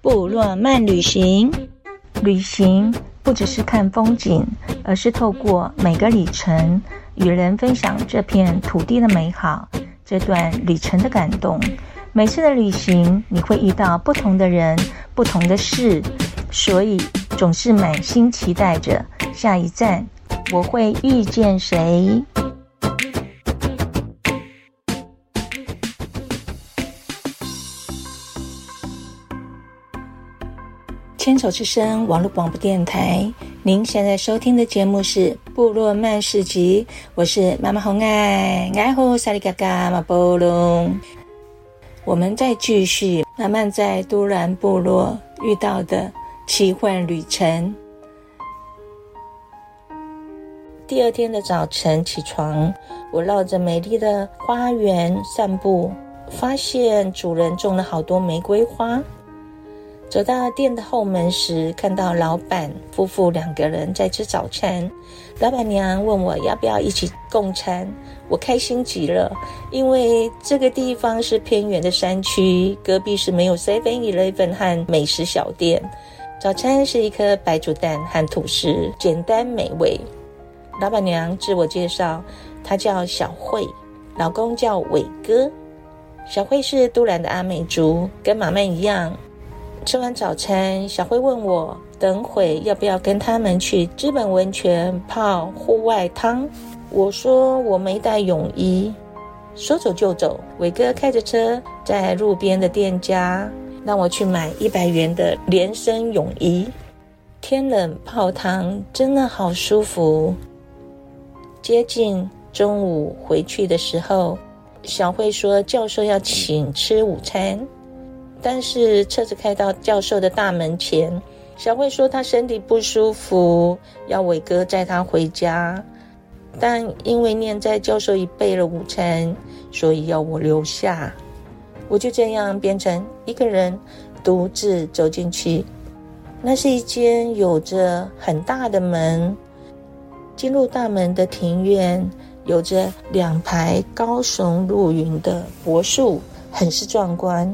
部落漫旅行，旅行不只是看風景，而是透過每個里程，與人分享這片土地的美好，這段旅程的感動。每次的旅行，你會遇到不同的人，不同的事，所以總是滿心期待着下一站，我會遇見誰？牽手之聲網絡廣播電台，您現在收聽的節目是《部落漫市集》，我是媽媽紅愛，愛和薩莉嘎嘎馬波龍。我們再繼續慢慢在都蘭部落遇到的奇幻旅程。第二天的早晨起床，我繞着美麗的花園散步，發現主人種了好多玫瑰花。走到店的後門時，看到老闆夫婦兩個人在吃早餐。老闆娘問我要不要一起共餐，我開心極了，因為這個地方是偏遠的山區，隔壁是沒有 Seven Eleven 和美食小店。早餐是一顆白煮蛋和吐司，簡單美味。老闆娘自我介紹，她叫小慧，老公叫偉哥。小慧是都蘭的阿美族，跟馬曼一樣。吃完早餐，小慧問我等會要不要跟他們去知本溫泉泡戶外湯。我說我沒帶泳衣，說走就走。偉哥開着車在路邊的店家讓我去買一百元的連身泳衣。天冷泡湯真的好舒服。接近中午回去的時候，小慧說教授要請吃午餐。但是車子開到教授的大門前，小慧說她身體不舒服，要偉哥載她回家。但因為念在教授已備了午餐，所以要我留下。我就這樣變成一個人，獨自走進去。那是一間有着很大的門，進入大門的庭院，有着兩排高聳入雲的柏樹，很是壯觀。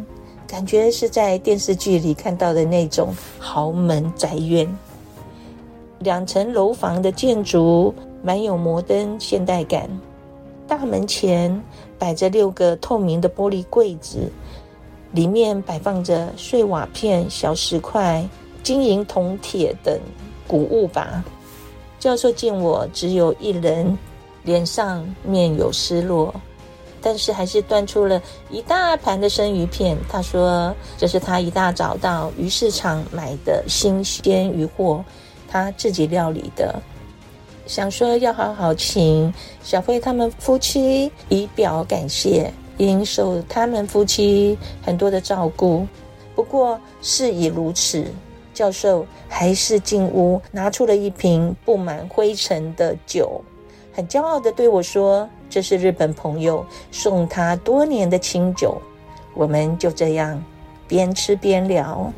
感覺是在電視劇裡看到的那種豪門宅院，兩層樓房的建築蠻有摩登現代感。大門前擺着六個透明的玻璃櫃子，裡面擺放着碎瓦片、小石塊、金銀銅鐵等古物吧。教授見我只有一人，臉上面有失落。但是還是端出了一大盤的生魚片。他說：“這是他一大早到魚市場買的新鮮魚貨，他自己料理的。想說要好好請小飛他們夫妻以表感謝，因受他們夫妻很多的照顧。不過事已如此，教授還是進屋拿出了一瓶布滿灰塵的酒，很驕傲地對我說。”這是日本朋友送他多年的清酒。我們就這樣邊吃邊聊。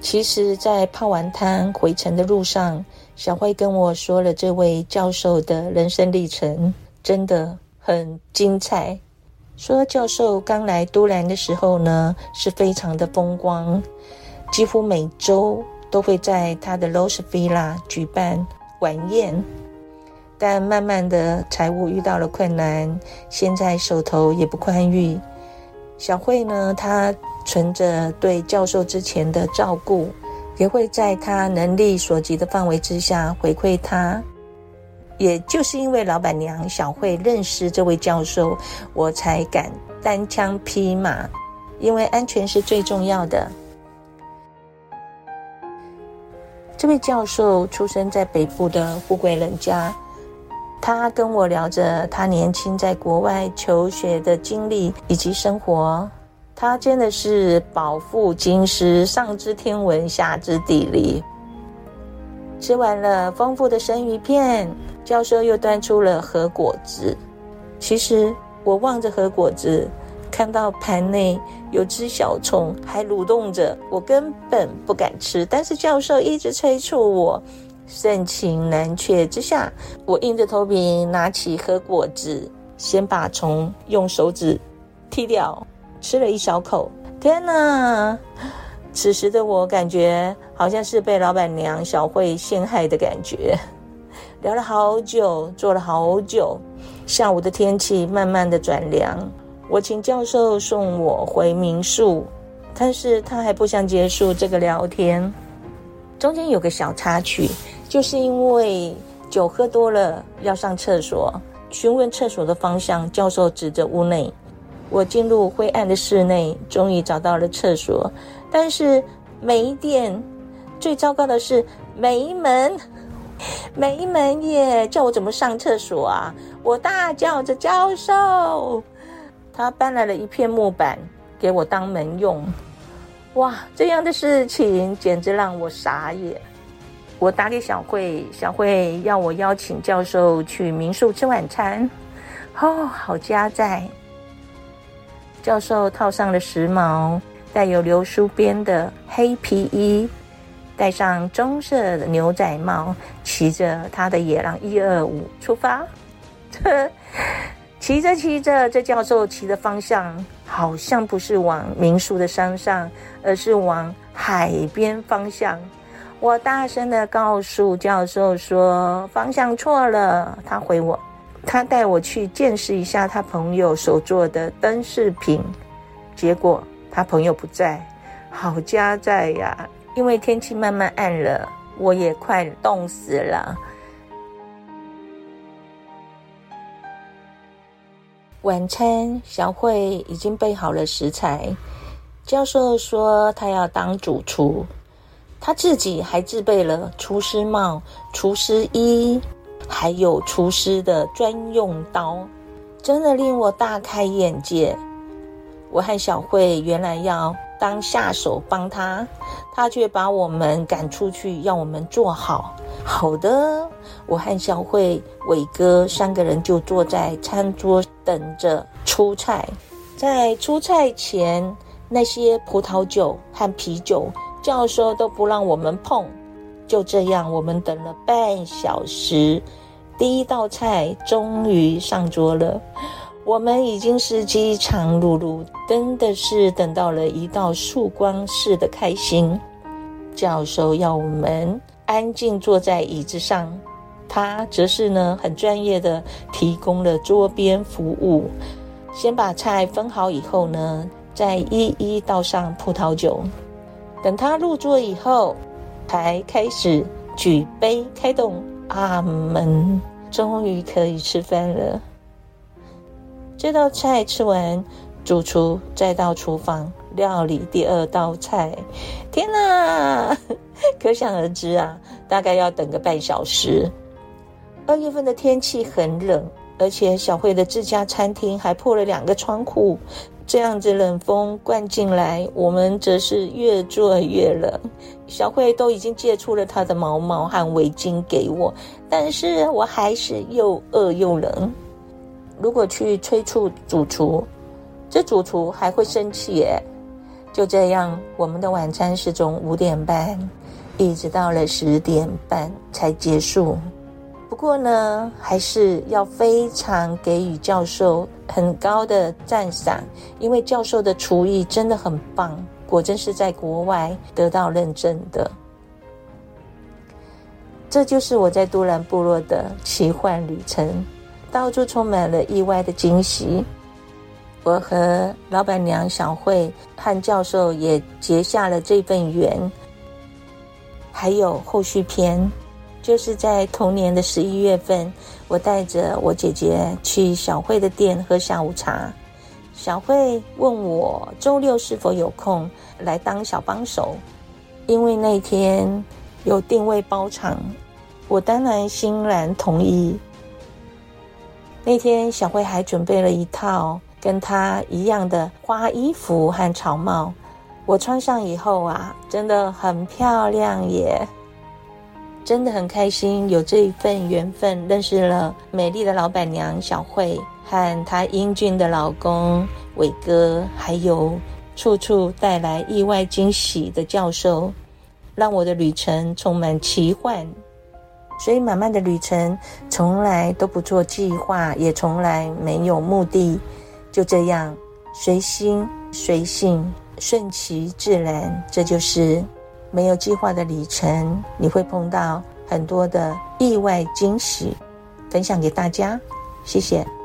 其實，在泡完湯回程的路上，小慧跟我說了這位教授的人生歷程，真的很精彩。說教授剛來都蘭的時候呢，是非常的風光，幾乎每周。都會在他的 Los Villa 舉辦晚宴，但慢慢的財務遇到了困難，現在手頭也不寬裕。小慧呢，她存着對教授之前的照顧，也會在他能力所及的範圍之下回饋他。也就是因為老板娘小慧認識這位教授，我才敢單槍匹馬，因為安全是最重要的。這位教授出生在北部的富貴人家，他跟我聊着他年輕在國外求學的經歷以及生活。他真的是飽腹經師，上知天文，下知地理。吃完了豐富的生魚片，教授又端出了和果子。其實我望着和果子，看到盤內有只小蟲還蠕動着，我根本不敢吃。但是教授一直催促我，盛情難卻之下，我硬着頭皮拿起顆果子，先把蟲用手指剔掉，吃了一小口。天哪！此時的我感覺好像是被老闆娘小慧陷害的感覺。聊了好久，坐了好久，下午的天氣慢慢地轉涼。我請教授送我回民宿，但是他還不想結束這個聊天。中間有個小插曲，就是因為酒喝多了要上廁所，詢問廁所的方向，教授指着屋內。我進入灰暗的室內，終於找到了廁所，但是沒電，最糟糕的是沒門，沒門耶！叫我怎麼上廁所啊？我大叫着：“教授！”他搬來了一片木板給我當門用，哇，這樣的事情簡直讓我傻眼。我打給小慧，小慧要我邀請教授去民宿吃晚餐。哦，好家在。教授套上了時髦帶有流蘇邊的黑皮衣，戴上棕色的牛仔帽，騎着他的野狼一二五出發。呵呵騎着騎着，這教授騎的方向好像不是往民宿的山上，而是往海邊方向。我大聲地告訴教授說方向錯了。他回我，他帶我去見識一下他朋友所做的燈飾品。結果他朋友不在，好家在呀。因為天氣慢慢暗了，我也快凍死了。晚餐，小慧已經備好了食材。教授說他要當主廚，他自己還自備了廚師帽、廚師衣，還有廚師的專用刀，真的令我大開眼界。我和小慧原來要。當下手幫他，他卻把我們趕出去，讓我們坐好。好的，我和小慧、偉哥三個人就坐在餐桌等着出菜。在出菜前，那些葡萄酒和啤酒，教授都不讓我們碰。就這樣，我們等了半小時，第一道菜終於上桌了。我們已經是饑腸轆轆，真的是等到了一道曙光似的開心。教授要我們安靜坐在椅子上，他則是呢，很專業的提供了桌邊服務，先把菜分好以後呢，再一一倒上葡萄酒。等他入座以後，才開始舉杯開動。阿門，終於可以吃飯了。這道菜吃完，主廚再到廚房料理第二道菜。天哪，可想而知啊，大概要等個半小時。二月份的天氣很冷，而且小慧的自家餐廳還破了兩個窗戶，這樣子冷風灌進來，我們則是越坐越冷。小慧都已經借出了她的毛毛和圍巾給我，但是我還是又餓又冷。如果去催促主廚，這主廚還會生氣耶。就這樣，我們的晚餐是從五點半一直到了十點半才結束。不過呢，還是要非常給予教授很高的讚賞，因為教授的廚藝真的很棒，果真是在國外得到認證的。這就是我在都蘭部落的奇幻旅程。到處充滿了意外的驚喜。我和老闆娘小慧、和教授也結下了這份緣。還有後續篇，就是在同年的十一月份，我帶着我姐姐去小慧的店喝下午茶。小慧問我週六是否有空來當小幫手，因為那天有訂位包場，我當然欣然同意。那天，小慧還準備了一套跟她一樣的花衣服和草帽。我穿上以後啊，真的很漂亮耶！真的很開心，有這一份緣分，認識了美麗的老闆娘小慧，和她英俊的老公偉哥，還有處處帶來意外驚喜的教授，讓我的旅程充滿奇幻。所以，漫漫的旅程從來都不做計劃，也從來沒有目的，就這樣隨心隨性，順其自然。這就是沒有計劃的旅程，你會碰到很多的意外驚喜，分享給大家，謝謝。